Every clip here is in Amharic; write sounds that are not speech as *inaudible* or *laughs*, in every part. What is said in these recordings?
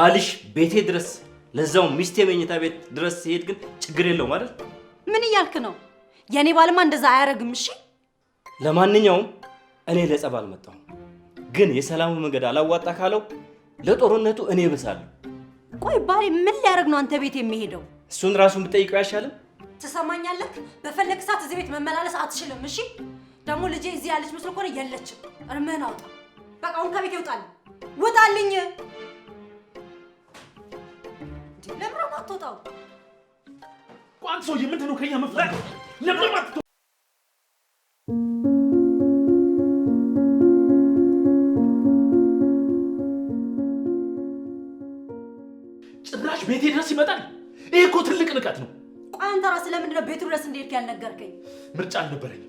ባልሽ ቤቴ ድረስ ለዛው ሚስቴ መኝታ ቤት ድረስ ሲሄድ ግን ችግር የለው ማለት ምን እያልክ ነው? የእኔ ባልማ እንደዛ አያደርግም። እሺ ለማንኛውም እኔ ለጸብ አልመጣሁም፣ ግን የሰላሙ መንገድ አላዋጣ ካለው ለጦርነቱ እኔ ብሳለሁ። ቆይ ባሌ ምን ሊያደርግ ነው አንተ ቤት የሚሄደው? እሱን ራሱን ብጠይቀው አይሻልም? ትሰማኛለህ? በፈለግ ሰዓት እዚህ ቤት መመላለስ አትችልም። እሺ ደግሞ ልጄ እዚህ ያለች መስሎ ከሆነ የለችም። እርምህን አውጣ። በቃ አሁን ከቤት ይውጣል፣ ውጣልኝ አትወጣው። ቆይ አንተ ሰውዬ ጭራሽ ቤቴ ድረስ ይመጣል። ይሄ እኮ ትልቅ ንቀት ነው። ቆይ አንተ ራስህ ለምንድን ነው ቤቱ ድረስ እንደሄድክ ያልነገርከኝ? ምርጫ አልነበረኝም።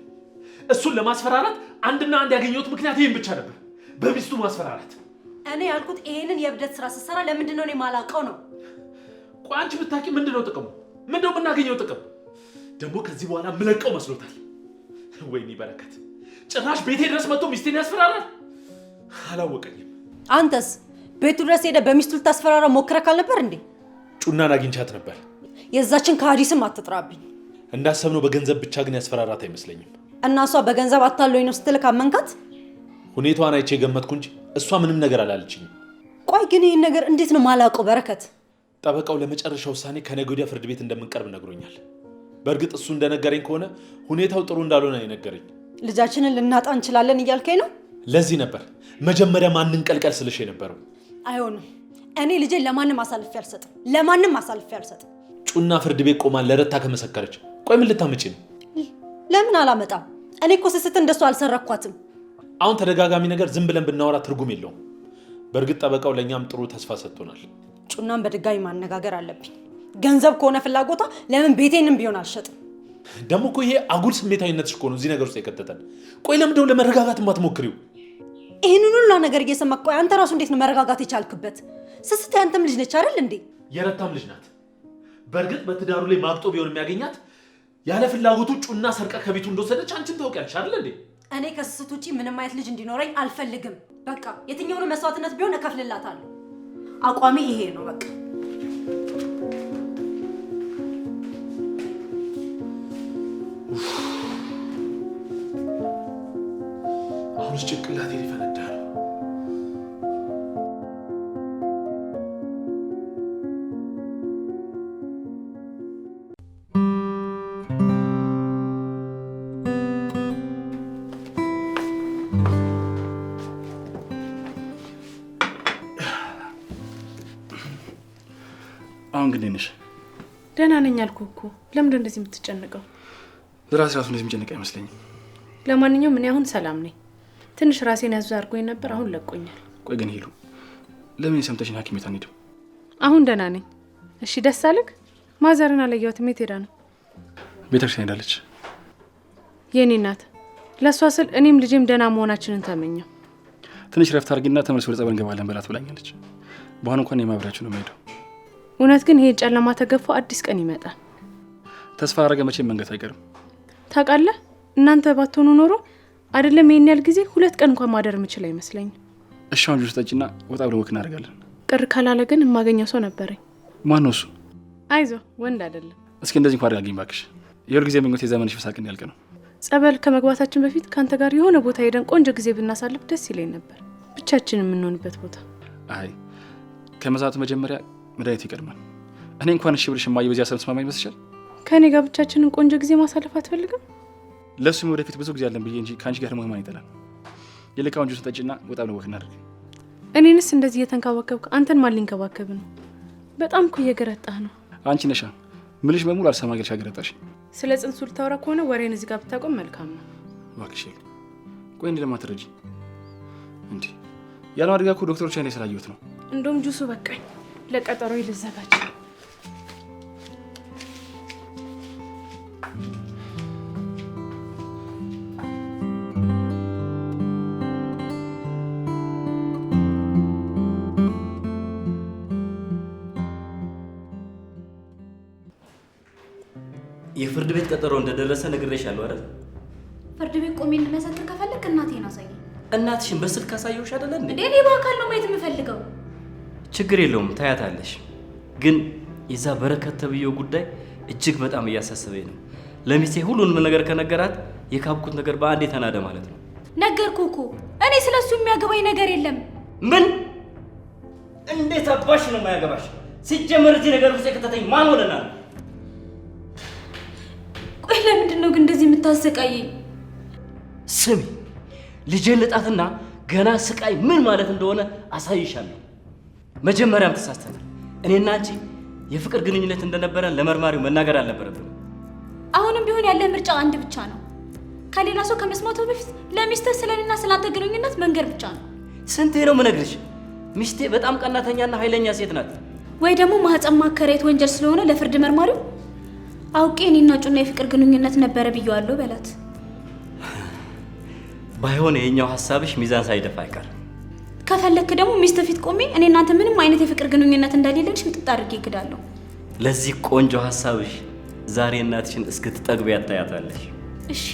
እሱን ለማስፈራራት አንድና አንድ ያገኘሁት ምክንያት ይህን ብቻ ነበር፣ በሚስቱ ማስፈራራት። እኔ ያልኩት ይሄንን የእብደት ስራ ስትሰራ ለምንድን ነው እኔ የማላውቀው ነው ቆይ አንቺ ብታውቂ ምንድን ነው ጥቅሙ? ምንድን ነው የምናገኘው ጥቅም? ደግሞ ከዚህ በኋላ ምለቀው መስሎታል። ወይኔ በረከት፣ ጭራሽ ቤቴ ድረስ መጥቶ ሚስቴን ያስፈራራል። አላወቀኝም። አንተስ ቤቱ ድረስ ሄደ በሚስቱ ልታስፈራራ ሞክረህ ካልነበር እንዴ? ጩናን አግኝቻት ነበር። የዛችን ከሃዲ ስም አትጥራብኝ። እንዳሰብነው በገንዘብ ብቻ ግን ያስፈራራት አይመስለኝም። እና እሷ በገንዘብ አታለኝ ነው ስትል ካመንካት? ሁኔታዋን አይቼ ገመትኩ እንጂ እሷ ምንም ነገር አላለችኝም። ቆይ ግን ይህን ነገር እንዴት ነው ማላውቀው በረከት? ጠበቃው ለመጨረሻ ውሳኔ ከነገ ወዲያ ፍርድ ቤት እንደምንቀርብ ነግሮኛል። በእርግጥ እሱ እንደነገረኝ ከሆነ ሁኔታው ጥሩ እንዳልሆነ የነገረኝ። ልጃችንን ልናጣ እንችላለን እያልከኝ ነው? ለዚህ ነበር መጀመሪያ ማንን ቀልቀል ስልሽ የነበረው። አይሆንም፣ እኔ ልጄን ለማንም አሳልፌ አልሰጥም፣ ለማንም አሳልፌ አልሰጥም። ጩና ፍርድ ቤት ቆማ ለረታ ከመሰከረች፣ ቆይ ምን ልታመጪ ነው? ለምን አላመጣም? እኔ እኮ ስስት እንደሱ አልሰረኳትም። አሁን ተደጋጋሚ ነገር ዝም ብለን ብናወራ ትርጉም የለውም። በእርግጥ ጠበቃው ለእኛም ጥሩ ተስፋ ሰጥቶናል። ጩናን በድጋሚ ማነጋገር አለብኝ። ገንዘብ ከሆነ ፍላጎቷ ለምን ቤቴንም ቢሆን አልሸጥም? ደግሞ እኮ ይሄ አጉል ስሜታዊነትሽ እኮ ነው እዚህ ነገር ውስጥ የከተተን። ቆይ ለምንድነው ለመረጋጋት የማትሞክሪው? ይህንን ሁሉ ነገር እየሰማ ቆይ አንተ ራሱ እንዴት ነው መረጋጋት የቻልክበት? ስስት ያንተም ልጅ ነች አይደል እንዴ? የረታም ልጅ ናት። በእርግጥ በትዳሩ ላይ ማግጦ ቢሆን የሚያገኛት ያለ ፍላጎቱ ጩና ሰርቀ ከቤቱ እንደወሰደች አንቺም ታውቂያለሽ አይደል እንዴ? እኔ ከስስት ውጪ ምንም አይነት ልጅ እንዲኖረኝ አልፈልግም። በቃ የትኛውን መስዋዕትነት ቢሆን እከፍልላታለሁ። አቋሚ ይሄ ነው በቃ። አሁንስ ጭንቅላት አልኩህ እኮ። ለምንድን እንደዚህ የምትጨንቀው? ራሴ ራሱ እንደዚህ የምጨንቅ አይመስለኝም። ለማንኛውም እኔ አሁን ሰላም ነኝ። ትንሽ ራሴን ያዙ አድርጎኝ ነበር፣ አሁን ለቆኛል። ቆይ ግን ሄሉ፣ ለምን የሰምተሽን ሐኪም ቤት አንሄድም? አሁን ደህና ነኝ። እሺ ደስ አለህ? ማዘርን አላየኋትም። የት ሄዳ ነው? ቤተክርስቲያን ሄዳለች። የእኔ እናት፣ ለእሷ ስል እኔም ልጄም ደህና መሆናችንን ተመኘው። ትንሽ ረፍት አድርጊና ተመልሶ ወደ ጸበል እንገባለን በላት ብላኛለች። በአሁን እንኳን የማብሪያችሁ ነው የምሄደው እውነት ግን ይሄ ጨለማ ተገፎ አዲስ ቀን ይመጣል። ተስፋ አረገ መቼም መንገት አይቀርም። ታውቃለህ፣ እናንተ ባትሆኑ ኖሮ አይደለም ይሄን ያህል ጊዜ ሁለት ቀን እንኳን ማደር የምችል አይመስለኝም። እሻውን ጁስ ጠጪና ወጣ ብለን ወክ እናደርጋለን። ቅር ካላለ ግን የማገኘው ሰው ነበረኝ። ማን ነው እሱ? አይዞ ወንድ አይደለም። እስኪ እንደዚህ እንኳ አድርጋኝ ባክሽ። የሁል ጊዜ ምኞት የዘመንሽ ፍሳቅን ያልቅ ነው። ጸበል ከመግባታችን በፊት ከአንተ ጋር የሆነ ቦታ ሄደን ቆንጆ ጊዜ ብናሳልፍ ደስ ይለኝ ነበር፣ ብቻችን የምንሆንበት ቦታ። አይ ከመዛቱ መጀመሪያ መድኃኒቱ ይቀድማል። እኔ እንኳን እሺ ብልሽ እማዬ በዚህ ሀሳብ ተስማማኝ ይመስልሻል? ከእኔ ጋር ብቻችንን ቆንጆ ጊዜ ማሳለፍ አትፈልግም? ለእሱም ወደፊት ብዙ ጊዜ አለን ብዬ እንጂ ከአንቺ ጋር መሆን ይጠላል። የልካውን ጁስ ጠጪና በጣም ነው ወክ እናድርግ። እኔንስ እንደዚህ እየተንከባከብክ አንተን ማን ሊንከባከብ ነው? በጣም እኮ እየገረጣህ ነው። አንቺ ነሻ ምልሽ በሙሉ አልሰማ ገልሽ አገረጣሽ። ስለ ጽንሱ ልታወራ ከሆነ ወሬን እዚህ ጋር ብታቆም መልካም ነው። እባክሽ ቆይ እንዲ ለማትረጂ እንዲ ያለው አድጋ እኮ ዶክተሮች አይነ ስላየሁት ነው። እንደውም ጁሱ በቃኝ። ለቀጠሮ ልዘጋጅ። የፍርድ ቤት ቀጠሮ እንደደረሰ ነግሬሻለሁ አይደል? ፍርድ ቤት ቆሜ እንድመሰክር ከፈለክ እናቴን አሳየኝ። እናትሽን በስልክ ካሳየሁሽ አይደለም እንዴ? እኔ በአካል ነው ማየት የምፈልገው። ችግር የለውም ታያታለሽ። ግን የዛ በረከት ተብዬው ጉዳይ እጅግ በጣም እያሳሰበኝ ነው። ለሚስቴ ሁሉንም ነገር ከነገራት የካብኩት ነገር በአንዴ ተናደ ማለት ነው። ነገርኩ እኮ እኔ ስለሱ የሚያገባኝ ነገር የለም። ምን? እንዴት አባሽ ነው የማያገባሽ? ሲጀመር እዚህ ነገር ውስጥ የከተተኝ ማን ሆነና ቆይ ለምንድን ነው ግን እንደዚህ የምታሰቃይ? ስሚ ልጄን ልጣትና ገና ስቃይ ምን ማለት እንደሆነ አሳይሻለሁ። መጀመሪያም ተሳስተናል። እኔና አንቺ የፍቅር ግንኙነት እንደነበረን ለመርማሪው መናገር አልነበረብንም። አሁንም ቢሆን ያለ ምርጫ አንድ ብቻ ነው። ከሌላ ሰው ከመስማቱ በፊት ለሚስትህ ስለኔና ስላተ ግንኙነት መንገር ብቻ ነው። ስንቴ ነው ምነግርሽ? ሚስቴ በጣም ቀናተኛና ኃይለኛ ሴት ናት። ወይ ደግሞ ማህፀን ማከራየት ወንጀል ስለሆነ ለፍርድ መርማሪው አውቄ እኔና ጩና የፍቅር ግንኙነት ነበረ ብየዋለሁ በላት። ባይሆን የኛው ሀሳብሽ ሚዛን ሳይደፋ አይቀርም። ከፈለክ ደግሞ ሚስት ፊት ቆሜ እኔ እናንተ ምንም አይነት የፍቅር ግንኙነት እንደሌለን ሽምጥጥ አድርጌ እክዳለሁ። ለዚህ ቆንጆ ሀሳብሽ ዛሬ እናትሽን እስክትጠግብ ያታያታለሽ። እሺ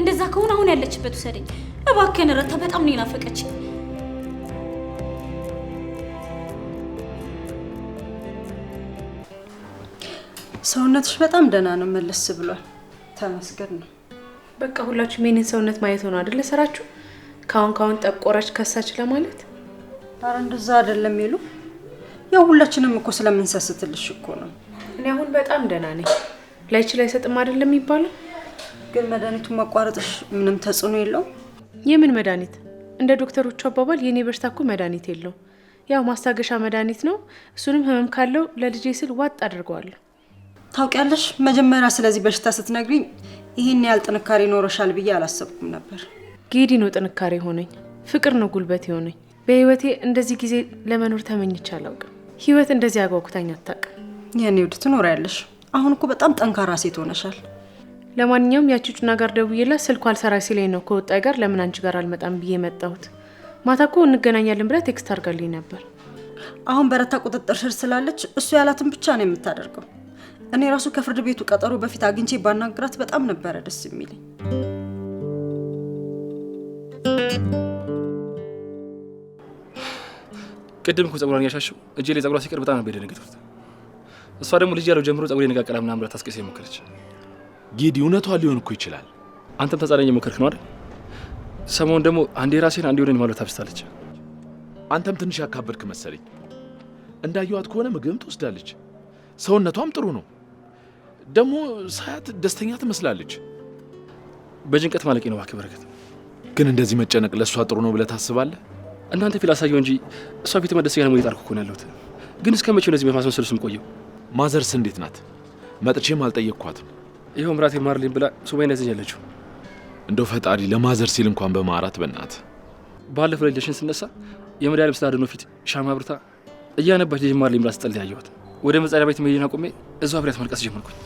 እንደዛ ከሆነ አሁን ያለችበት ውሰደኝ እባክህን፣ ረታ በጣም ነው የናፈቀች። ሰውነትሽ በጣም ደህና ነው፣ መለስ ብሏል። ተመስገን ነው። በቃ ሁላችሁም የኔን ሰውነት ማየት ሆነ አይደለ ስራችሁ? ካሁን ካሁን ጠቆረች ከሳች ለማለት? አረ እንደዛ አይደለም ይሉ ያው ሁላችንም እኮ ስለምንሰስትልሽ እኮ ነው። እኔ አሁን በጣም ደህና ነኝ። ላይችል አይሰጥም አይደለም የሚባለው። ግን መድኃኒቱን መቋረጥሽ ምንም ተጽዕኖ የለው? የምን መድኃኒት? እንደ ዶክተሮቹ አባባል የኔ በሽታ እኮ መድኃኒት የለው። ያው ማስታገሻ መድኃኒት ነው። እሱንም ህመም ካለው ለልጄ ስል ዋጥ አድርገዋለሁ። ታውቂያለሽ፣ መጀመሪያ ስለዚህ በሽታ ስትነግሪኝ ይህን ያህል ጥንካሬ ኖረሻል ብዬ አላሰብኩም ነበር። ጌዲ ነው ጥንካሬ ሆነኝ፣ ፍቅር ነው ጉልበት የሆነኝ። በህይወቴ እንደዚህ ጊዜ ለመኖር ተመኝቼ አላውቅም። ህይወት እንደዚህ አጓጉታኝ አታውቅም። የኔ ውድ ትኖሪያለሽ። አሁን እኮ በጣም ጠንካራ ሴት ሆነሻል። ለማንኛውም ያቺ ጩና ጋር ደውዬላት ስልኳ አልሰራ ሲለኝ ነው ከወጣይ ጋር ለምን አንቺ ጋር አልመጣም ብዬ መጣሁት። ማታ እኮ እንገናኛለን ብላ ቴክስት አድርጋልኝ ነበር። አሁን በረታ ቁጥጥር ስር ስላለች እሱ ያላትን ብቻ ነው የምታደርገው። እኔ ራሱ ከፍርድ ቤቱ ቀጠሮ በፊት አግኝቼ ባናግራት በጣም ነበረ ደስ የሚለኝ። ቅድም እኮ ጸጉሯን እያሻሸው እጄ ላይ ጸጉሯ ሲቀር በጣም ነበር የደነገጥኩት። እሷ ደግሞ ልጅ ያለው ጀምሮ ጸጉሬ ነቃቀላ ምናምን ብላ ታስቀሰ የሞከረች ጌዲ እውነቷ ሊሆን እኮ ይችላል። አንተም ተጻዳኝ የሞከርክ ነው አይደል? ሰሞን ደግሞ አንዴ ራሴን አንዴ ሆነን ማለት ታብስታለች። አንተም ትንሽ ያካበድክ መሰለኝ። እንዳየዋት ከሆነ ምግብም ትወስዳለች። ሰውነቷም ጥሩ ነው። ደግሞ ሳያት ደስተኛ ትመስላለች። በጭንቀት ማለቂ ነው እባክህ በረከት። ግን እንደዚህ መጨነቅ ለእሷ ጥሩ ነው ብለህ ታስባለህ? እናንተ ፊል አሳየው እንጂ እሷ ፊት መደስ ያለ የጣርኩ እኮ ነው ያለሁት። ግን እስከ መቼ እንደዚህ በማስመሰል ስም ቆየው? ማዘርስ እንዴት ናት? መጥቼም አልጠየቅኳትም። ይኸው ምራቴ ማርልኝ ብላ ሱባይ ነዘኝ ያለችው። እንደው ፈጣሪ ለማዘር ሲል እንኳን በማራት በእናት ባለፈው ለልጅሽን ስነሳ የመድኃኒዓለም ስለ አድኖ ፊት ሻማ አብርታ እያነባች ልጅ ማርልኝ ብላ ስጠል ያየኋት። ወደ መጸዳያ ቤት መሄድን አቁሜ እዛው አብሬያት መልቀስ ጀመርኩኝ።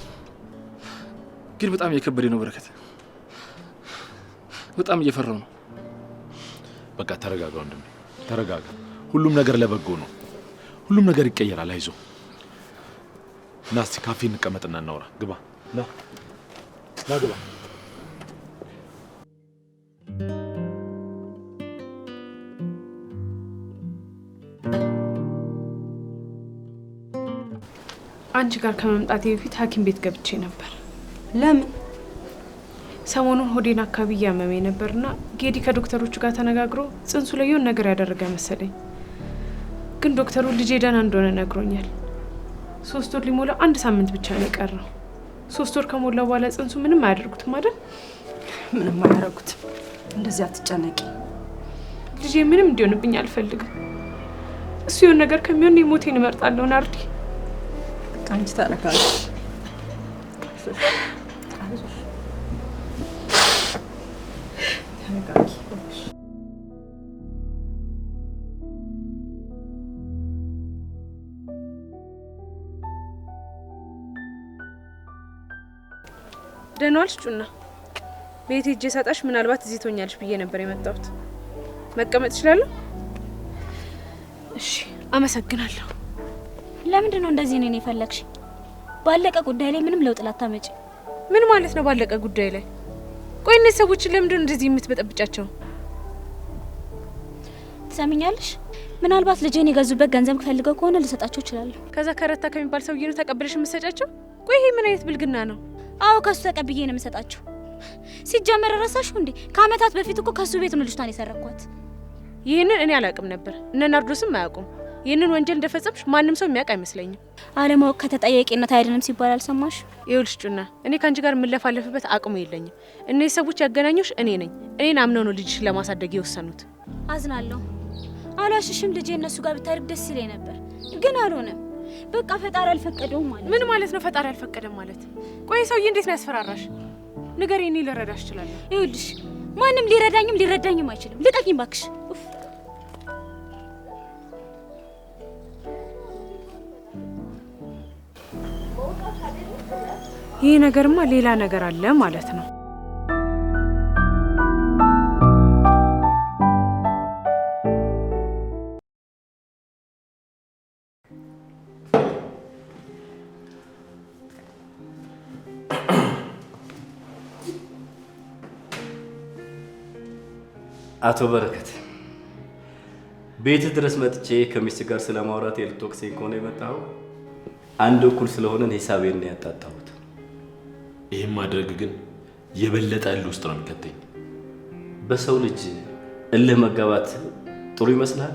ግን በጣም የከበደ ነው በረከት በጣም እየፈራው ነው። በቃ ተረጋጋ ወንድሜ፣ ተረጋጋ። ሁሉም ነገር ለበጎ ነው። ሁሉም ነገር ይቀየራል። አይዞ ና፣ እስቲ ካፌ እንቀመጥና እናውራ። ግባ፣ ና ና፣ ግባ አንቺ ጋር ከመምጣቴ በፊት ሐኪም ቤት ገብቼ ነበር። ለምን? ሰሞኑን ሆዴን አካባቢ እያመመ ነበርና ጌዲ ከዶክተሮቹ ጋር ተነጋግሮ ጽንሱ ላይ የሆነ ነገር ያደረገ መሰለኝ። ግን ዶክተሩ ልጄ ደህና እንደሆነ ነግሮኛል። ሶስት ወር ሊሞላ አንድ ሳምንት ብቻ ነው የቀረው። ሶስት ወር ከሞላ በኋላ ጽንሱ ምንም አያደርጉትም አይደል? ምንም አያደርጉትም። እንደዚህ አትጨነቂ። ልጄ ምንም እንዲሆንብኝ አልፈልግም። እሱ የሆነ ነገር ከሚሆን ሞቴን እመርጣለሁ። ናርዲ፣ አንቺ ታረካለሽ። ላይ ነው ጩና ቤት እጅ ሳጣሽ ምናልባት እዚህ ትሆኛለሽ ብዬ ነበር የመጣሁት። መቀመጥ እችላለሁ? እሺ፣ አመሰግናለሁ። ለምንድን ነው እንደዚህ እኔን የፈለግሽ? ባለቀ ጉዳይ ላይ ምንም ለውጥ ላታመጪ። ምን ማለት ነው ባለቀ ጉዳይ ላይ? ቆይ እነዚህ ሰዎችን ለምንድን እንደዚህ የምትበጠብጫቸው? ትሰሚኛለሽ? ምናልባት ልጄን የገዙበት ገንዘብ ፈልገው ከሆነ ልሰጣቸው እችላለሁ። ከዛ ከረታ ከሚባል ሰውዬ ነው ተቀብለሽ የምትሰጫቸው? ቆይ ይሄ ምን አይነት ብልግና ነው? አዎ ከሱ ተቀብዬ ነው የምሰጣችሁ። ሲጀመር ረሳሽው እንዴ? ከአመታት በፊት እኮ ከሱ ቤት ነው ልጅቷን የሰረኳት። ይህንን እኔ አላውቅም ነበር፣ እነ ናርዶስም አያውቁም። ይህንን ወንጀል እንደፈጸምሽ ማንም ሰው የሚያውቅ አይመስለኝም። አለማወቅ ከተጠያቂነት አይድንም ሲባል አልሰማሽ? ይኸውልሽ ጩና፣ እኔ ከአንቺ ጋር የምለፋለፍበት አቅሙ የለኝም። እነዚህ ሰዎች ያገናኙሽ እኔ ነኝ። እኔን አምነው ነው ልጅሽ ለማሳደግ የወሰኑት። አዝናለሁ። አላሽሽም ልጄ እነሱ ጋር ብታደርግ ደስ ይለኝ ነበር፣ ግን አልሆነም። በቃ ፈጣሪ አልፈቀደውም ማለት ምን ማለት ነው? ፈጣሪ አልፈቀደም ማለት። ቆይ ሰውዬ እንዴት ነው ያስፈራራሽ? ንገሪ፣ እኔ ልረዳሽ እችላለሁ። ይኸውልሽ ማንም ሊረዳኝም ሊረዳኝም አይችልም። ልቀቂኝ እባክሽ። ይህ ነገርማ ሌላ ነገር አለ ማለት ነው። አቶ በረከት ቤት ድረስ መጥቼ ከሚስት ጋር ስለማውራት የልትወቅሰኝ ከሆነ የመጣው አንድ እኩል ስለሆነን ሂሳቤን ነው ያጣጣሁት። ይህም ማድረግ ግን የበለጠ እልህ ውስጥ ነው የሚከተኝ። በሰው ልጅ እልህ መጋባት ጥሩ ይመስላል?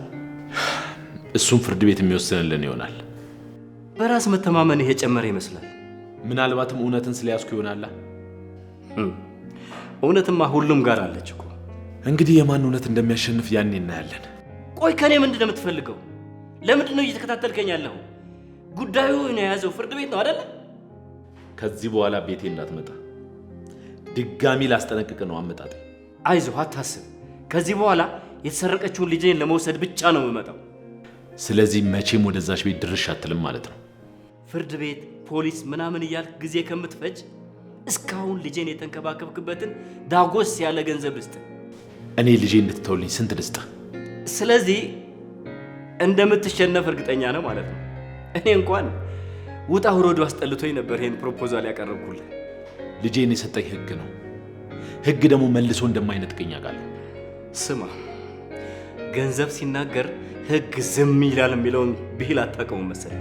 እሱም ፍርድ ቤት የሚወስንልን ይሆናል። በራስ መተማመን የጨመረ ይመስላል። ምናልባትም እውነትን ስለያዝኩ ይሆናላ። እውነትማ ሁሉም ጋር አለች እኮ እንግዲህ የማን እውነት እንደሚያሸንፍ ያኔ እናያለን። ቆይ ከኔ ምንድን ነው የምትፈልገው? ለምንድን ነው እየተከታተልከኝ ያለሁ? ጉዳዩ የያዘው ፍርድ ቤት ነው አደለ? ከዚህ በኋላ ቤቴ እንዳትመጣ ድጋሚ ላስጠነቅቅ ነው አመጣጤ። አይዞህ አታስብ። ከዚህ በኋላ የተሰረቀችውን ልጄን ለመውሰድ ብቻ ነው የምመጣው። ስለዚህ መቼም ወደዛች ቤት ድርሽ አትልም ማለት ነው። ፍርድ ቤት፣ ፖሊስ ምናምን እያልክ ጊዜ ከምትፈጅ እስካሁን ልጄን የተንከባከብክበትን ዳጎስ ያለ ገንዘብ ልስጥ እኔ ልጄ እንድትተውልኝ ስንት ደስታ። ስለዚህ እንደምትሸነፍ እርግጠኛ ነው ማለት ነው። እኔ እንኳን ውጣ ውረዱ አስጠልቶኝ ነበር ይህን ፕሮፖዛል ያቀረብኩልህ። ልጄን የሰጠኝ ህግ ነው። ህግ ደግሞ መልሶ እንደማይነጥቀኝ አውቃለሁ። ስማ ገንዘብ ሲናገር ህግ ዝም ይላል የሚለውን ብሂል አታውቀውም መሰለ።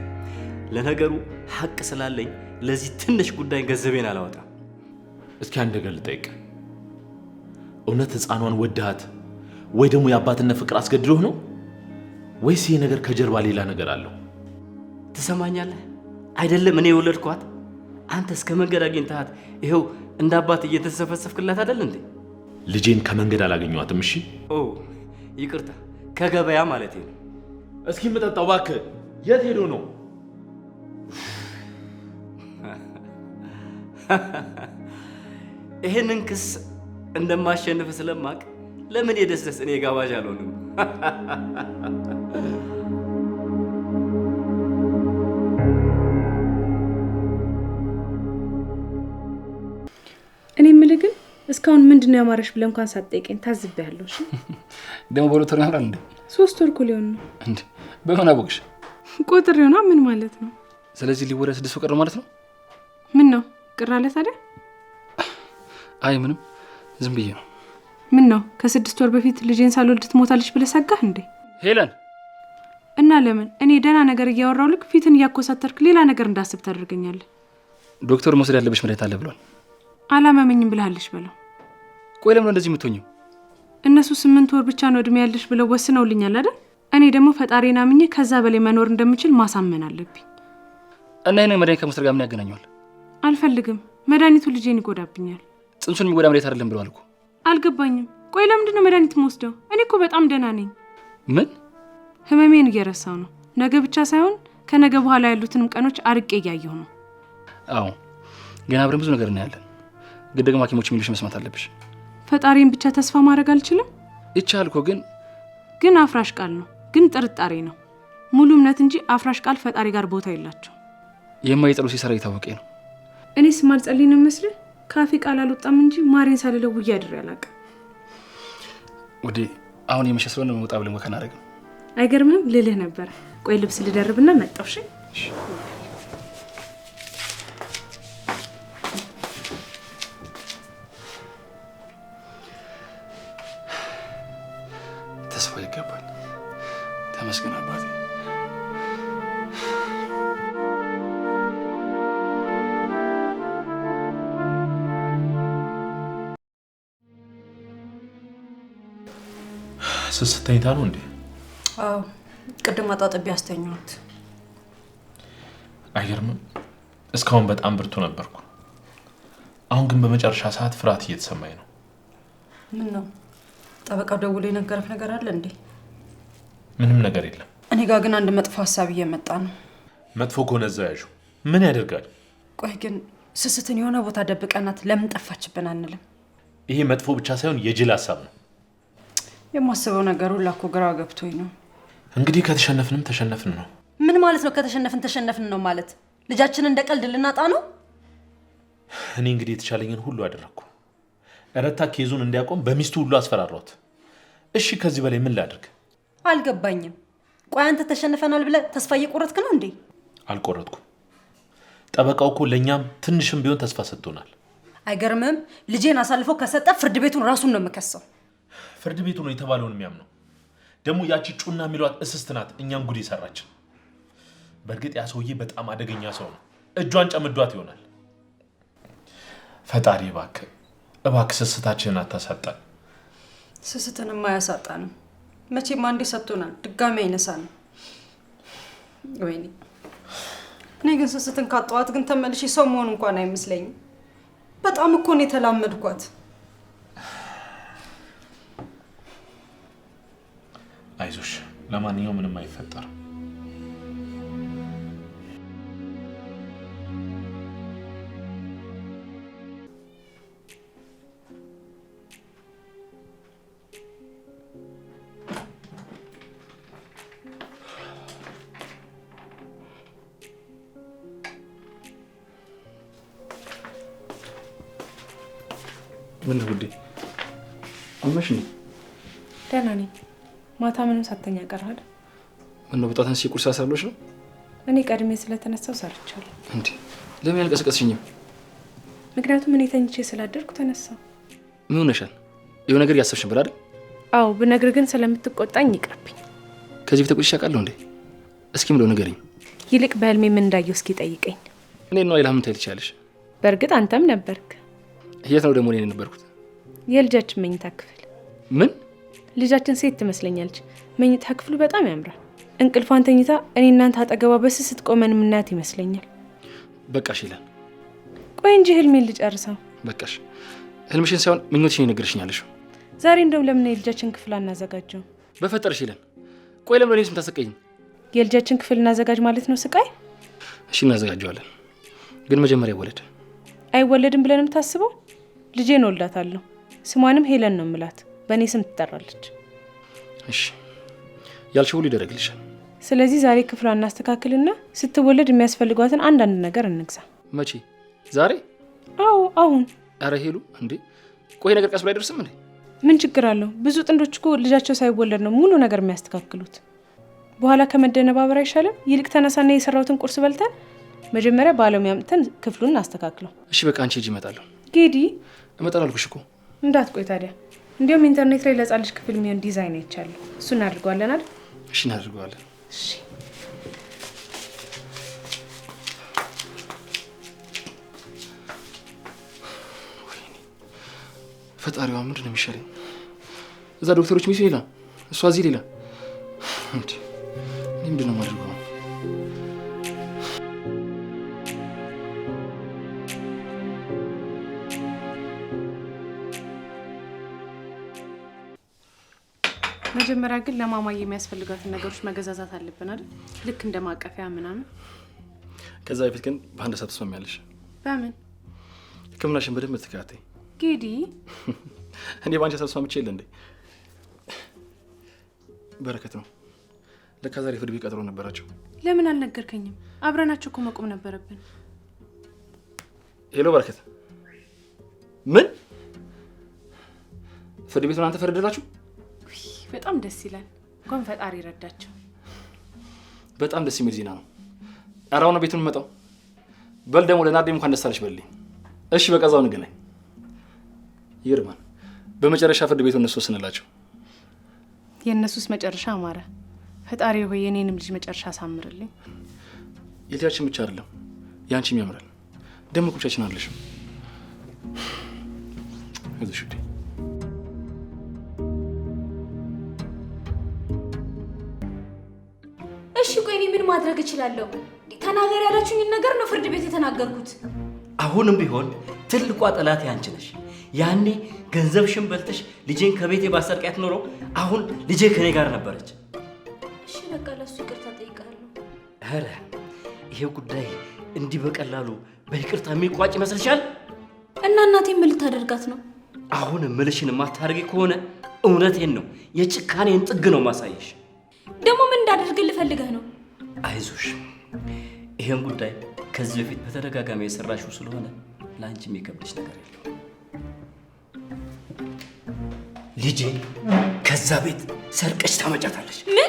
ለነገሩ ሀቅ ስላለኝ ለዚህ ትንሽ ጉዳይ ገንዘቤን አላወጣም። እስኪ አንድ ነገር እውነት ሕፃኗን ወድሃት ወይ ደግሞ የአባትነት ፍቅር አስገድዶህ ነው? ወይስ ይሄ ነገር ከጀርባ ሌላ ነገር አለው? ትሰማኛለህ? አይደለም እኔ የወለድኳት አንተ እስከ መንገድ አግኝተሃት ይኸው እንደ አባት እየተሰፈሰፍክላት አይደል እንዴ? ልጄን ከመንገድ አላገኘኋትም። እሺ፣ ይቅርታ፣ ከገበያ ማለት ነው። እስኪ የምጠጣው እባክህ። የት ሄዶ ነው? ይህንን ክስ እንደማሸንፍ ስለማቅ ለምን የደስደስ እኔ ጋባዥ አልሆንም? *laughs* እኔ የምልህ ግን እስካሁን ምንድን ነው ያማረሽ ብለህ እንኳን ሳትጠይቀኝ ታዝቤያለሁ። እሺ *laughs* ደግሞ በሎተሪ ነው እንደ ሶስት ወር እኮ ሊሆን ነው። እንደ በምን አወቅሽ? *laughs* ቁጥር ሊሆና ምን ማለት ነው? ስለዚህ ሊወዳ ስድስት ቀር ማለት ነው። ምን ነው ቅር አለ ታዲያ? አይ ምንም ዝም ብዬ ነው። ምን ነው ከስድስት ወር በፊት ልጄን ሳልወልድ ትሞታለች ብለህ ሰጋህ እንዴ ሄለን? እና ለምን እኔ ደህና ነገር እያወራው ልክ ፊትን እያኮሳተርክ ሌላ ነገር እንዳስብ ታደርገኛለህ? ዶክተር መውሰድ ያለብሽ መድኃኒት አለ ብሏል። አላመመኝም ብላለች በለው። ቆይ ለምን እንደዚህ የምትሆኝው? እነሱ ስምንት ወር ብቻ ነው እድሜ ያለሽ ብለው ወስነውልኛል አይደል? እኔ ደግሞ ፈጣሪን አምኜ ከዛ በላይ መኖር እንደምችል ማሳመን አለብኝ። እና ይህንን መድኃኒት ከመስጠት ጋር ምን ያገናኘዋል? አልፈልግም። መድኃኒቱ ልጄን ይጎዳብኛል። ጽንሱን የሚጎዳ መድኃኒት አይደለም ብለዋል እኮ። አልገባኝም። ቆይ ለምንድን ነው መድኃኒት የምወስደው? እኔ እኮ በጣም ደህና ነኝ። ምን? ህመሜን እየረሳው ነው። ነገ ብቻ ሳይሆን ከነገ በኋላ ያሉትንም ቀኖች አርቄ እያየሁ ነው። አዎ ገና አብረን ብዙ ነገር እናያለን። ግን ደግሞ ሐኪሞች የሚሉሽ መስማት አለብሽ። ፈጣሪን ብቻ ተስፋ ማድረግ አልችልም። ይቻል እኮ ግን ግን አፍራሽ ቃል ነው፣ ግን ጥርጣሬ ነው። ሙሉ እምነት እንጂ አፍራሽ ቃል ፈጣሪ ጋር ቦታ የላቸው። የማይጠሉ ሲሰራ እየታወቀ ነው። እኔ ስማልጸልይ ነው ይመስልህ ካፌ ቃል አልወጣም እንጂ ማሬን ሳልለው ውዬ አድሬ አላውቅም። ውዴ አሁን የመሸ ስለሆነ መውጣ ብለን ወከን አደረግም። አይገርምም ልልህ ነበር። ቆይ ልብስ ልደርብና መጣውሽ ተኝታ ነው እንዴ? አዎ፣ ቅድም አጣጥቤ ያስተኛት። አይገርምም? እስካሁን በጣም ብርቱ ነበርኩ። አሁን ግን በመጨረሻ ሰዓት ፍርሃት እየተሰማኝ ነው። ምን ነው? ጠበቃ ደውሎ የነገረህ ነገር አለ እንዴ? ምንም ነገር የለም። እኔ ጋር ግን አንድ መጥፎ ሀሳብ እየመጣ ነው። መጥፎ ከሆነ እዛ ያዥ። ምን ያደርጋል? ቆይ ግን ስስትን የሆነ ቦታ ደብቀናት ለምን ጠፋችብን አንልም? ይሄ መጥፎ ብቻ ሳይሆን የጅል ሀሳብ ነው። የማስበው ነገር ሁላ እኮ ግራ ገብቶኝ ነው። እንግዲህ ከተሸነፍንም ተሸነፍን ነው። ምን ማለት ነው? ከተሸነፍን ተሸነፍን ነው ማለት ልጃችንን እንደ ቀልድ ልናጣ ነው? እኔ እንግዲህ የተቻለኝን ሁሉ አደረግኩ። ረታ ኬዙን እንዲያቆም በሚስቱ ሁሉ አስፈራሯት። እሺ ከዚህ በላይ ምን ላድርግ አልገባኝም። ቆይ አንተ ተሸንፈናል ብለህ ተስፋ እየቆረጥክ ነው እንዴ? አልቆረጥኩም። ጠበቃው እኮ ለእኛም ትንሽም ቢሆን ተስፋ ሰጥቶናል። አይገርምም? ልጄን አሳልፈው ከሰጠ ፍርድ ቤቱን ራሱን ነው የምከሰው። ፍርድ ቤቱ ነው የተባለውን የሚያምነው። ደግሞ ያቺ ጩና የሚሏት እስስት ናት እኛን ጉድ የሰራችን። በእርግጥ ያ ሰውዬ በጣም አደገኛ ሰው ነው። እጇን ጨምዷት ይሆናል። ፈጣሪ እባክ እባክ ስስታችንን አታሳጣን። ስስትንም አያሳጣንም። መቼም አንዴ ሰጥቶናል፣ ድጋሚ አይነሳንም። ወይኔ እኔ ግን ስስትን ካጠዋት ግን ተመልሼ ሰው መሆን እንኳን አይመስለኝም። በጣም እኮ ነው የተላመድኳት። አይዞሽ፣ ለማንኛውም ምንም አይፈጠርም። ማታ ምንም ሳተኛ ቀርሃል። ምነው በጣትን ቁርስ ያሳሎች ነው? እኔ ቀድሜ ስለተነሳው ሰርቻለሁ። እንዴ ለምን ያልቀሰቀስሽኝም? ምክንያቱም እኔ ተኝቼ ስላደርኩ ተነሳው። ምን ሆነሻል? የሆነ ነገር እያሰብሽ ነበር አይደል? አዎ፣ ብነግር ግን ስለምትቆጣኝ ይቅርብኝ። ከዚህ በፊት ተቆጥቼሽ አውቃለሁ እንዴ? እስኪ ምለው ንገሪኝ። ይልቅ በህልሜ ምን እንዳየው እስኪ ጠይቀኝ። እኔ ነው አይላም ታይ በእርግጥ አንተም ነበርክ። የት ነው ደግሞ እኔ ነበርኩት? የልጃችን መኝታ ክፍል። ምን ልጃችን ሴት ትመስለኛለች። መኝታ ክፍሉ በጣም ያምራል። እንቅልፏን ተኝታ እኔ እናንተ አጠገቧ በስስት ቆመን የምናያት ይመስለኛል። በቃ ይላል። ቆይ እንጂ ህልሜን ልጨርሰው። በቃሽ። ህልምሽን ሳይሆን ምኞትሽን ይነግርሽኛለሽ። ዛሬ እንደውም ለምን የልጃችን ክፍል አናዘጋጀው? በፈጠር ይለን። ቆይ ለምን እኔን ስምታሰቀኝ? የልጃችን ክፍል እናዘጋጅ ማለት ነው ስቃይ። እሺ እናዘጋጀዋለን፣ ግን መጀመሪያ ይወለድ አይወለድም ብለን የምታስበው ልጄን ወልዳታለሁ። ስሟንም ሄለን ነው ምላት። በእኔ ስም ትጠራለች። እሺ ያልሽው ሁሉ ይደረግልሻል። ስለዚህ ዛሬ ክፍሏ እናስተካክልና ስትወለድ የሚያስፈልጓትን አንዳንድ ነገር እንግዛ። መቼ? ዛሬ? አዎ አሁን። ኧረ ሄሉ እንዴ ቆይ ነገር ቀስ ብሎ አይደርስም እንዴ? ምን ችግር አለው? ብዙ ጥንዶች እኮ ልጃቸው ሳይወለድ ነው ሙሉ ነገር የሚያስተካክሉት። በኋላ ከመደነባበር አይሻልም? ይልቅ ተነሳና የሰራሁትን ቁርስ በልተን መጀመሪያ ባለሙያ አምጥተን ክፍሉን አስተካክለው። እሺ በቃ አንቺ ሂጂ፣ እመጣለሁ። ጌዲ፣ እመጣለሁ አልኩሽ እኮ። እንዳትቆይ ታዲያ እንዲሁም ኢንተርኔት ላይ ለጻልሽ ክፍል የሚሆን ዲዛይን አይቻለሁ። እሱ እናድርገዋለን አይደል? እሺ፣ እናድርገዋለን። እሺ ፈጣሪዋ ምንድን ነው የሚሻለኝ? እዛ ዶክተሮች ሚስ ሌላ፣ እሷ እዚህ ሌላ። ምንድን ነው የማደርገው? መጀመሪያ ግን ለማማዬ የሚያስፈልጋትን ነገሮች መገዛዛት አለብን አይደል? ልክ እንደ ማቀፊያ ምናምን። ከዛ በፊት ግን በአንድ ሀሳብ ትስማሚያለሽ? በምን? ህክምናሽን በደንብ ትከታተይ ጌዲ። እኔ በአንድ ሀሳብ ተስማምቼ የለ እንዴ? በረከት ነው ለካ ዛሬ ፍርድ ቤት ቀጥሮ ነበራቸው። ለምን አልነገርከኝም? አብረናቸው እኮ መቆም ነበረብን። ሄሎ በረከት፣ ምን ፍርድ ቤቱን አንተ ፈረደላችሁ? በጣም ደስ ይላል። እንኳን ፈጣሪ ረዳቸው። በጣም ደስ የሚል ዜና ነው። አራውን ቤቱን መጣው በል ደግሞ ለናርዴም እንኳን ደስ አለሽ በልኝ። እሺ በቀዛው እዛው እንገናኝ። ይርማን በመጨረሻ ፍርድ ቤቱ እነሱ ስንላቸው የእነሱስ መጨረሻ አማረ። ፈጣሪ ሆይ የኔንም ልጅ መጨረሻ አሳምርልኝ። የልጃችን ብቻ አይደለም ያንቺም ያምራል። ደሞ ቁጫችን አለሽ ቆይ ምን ማድረግ እችላለሁ? ተናገር ያላችሁኝን ነገር ነው ፍርድ ቤት የተናገርኩት። አሁንም ቢሆን ትልቋ ጠላት ያንቺ ነሽ። ያኔ ገንዘብሽን በልተሽ ልጄን ከቤቴ ባሰርቂያት ኖሮ አሁን ልጄ ከኔ ጋር ነበረች። እሺ በቃ ለሱ ይቅርታ ጠይቃለሁ። ኧረ ይሄ ጉዳይ እንዲህ በቀላሉ በይቅርታ የሚቋጭ ይመስልሻል? እና እናቴ ምን ልታደርጋት ነው? አሁን ምልሽን የማታደርጊ ከሆነ እውነቴን ነው የጭካኔን ጥግ ነው ማሳየሽ። ደግሞ ምን እንዳደርግልህ ፈልገህ ነው? አይዞሽ፣ ይሄን ጉዳይ ከዚህ በፊት በተደጋጋሚ የሰራሽው ስለሆነ ለአንቺ የሚከብድሽ ነገር የለው። ልጄ ከዛ ቤት ታመጫታለች። ታመጫታለሽ።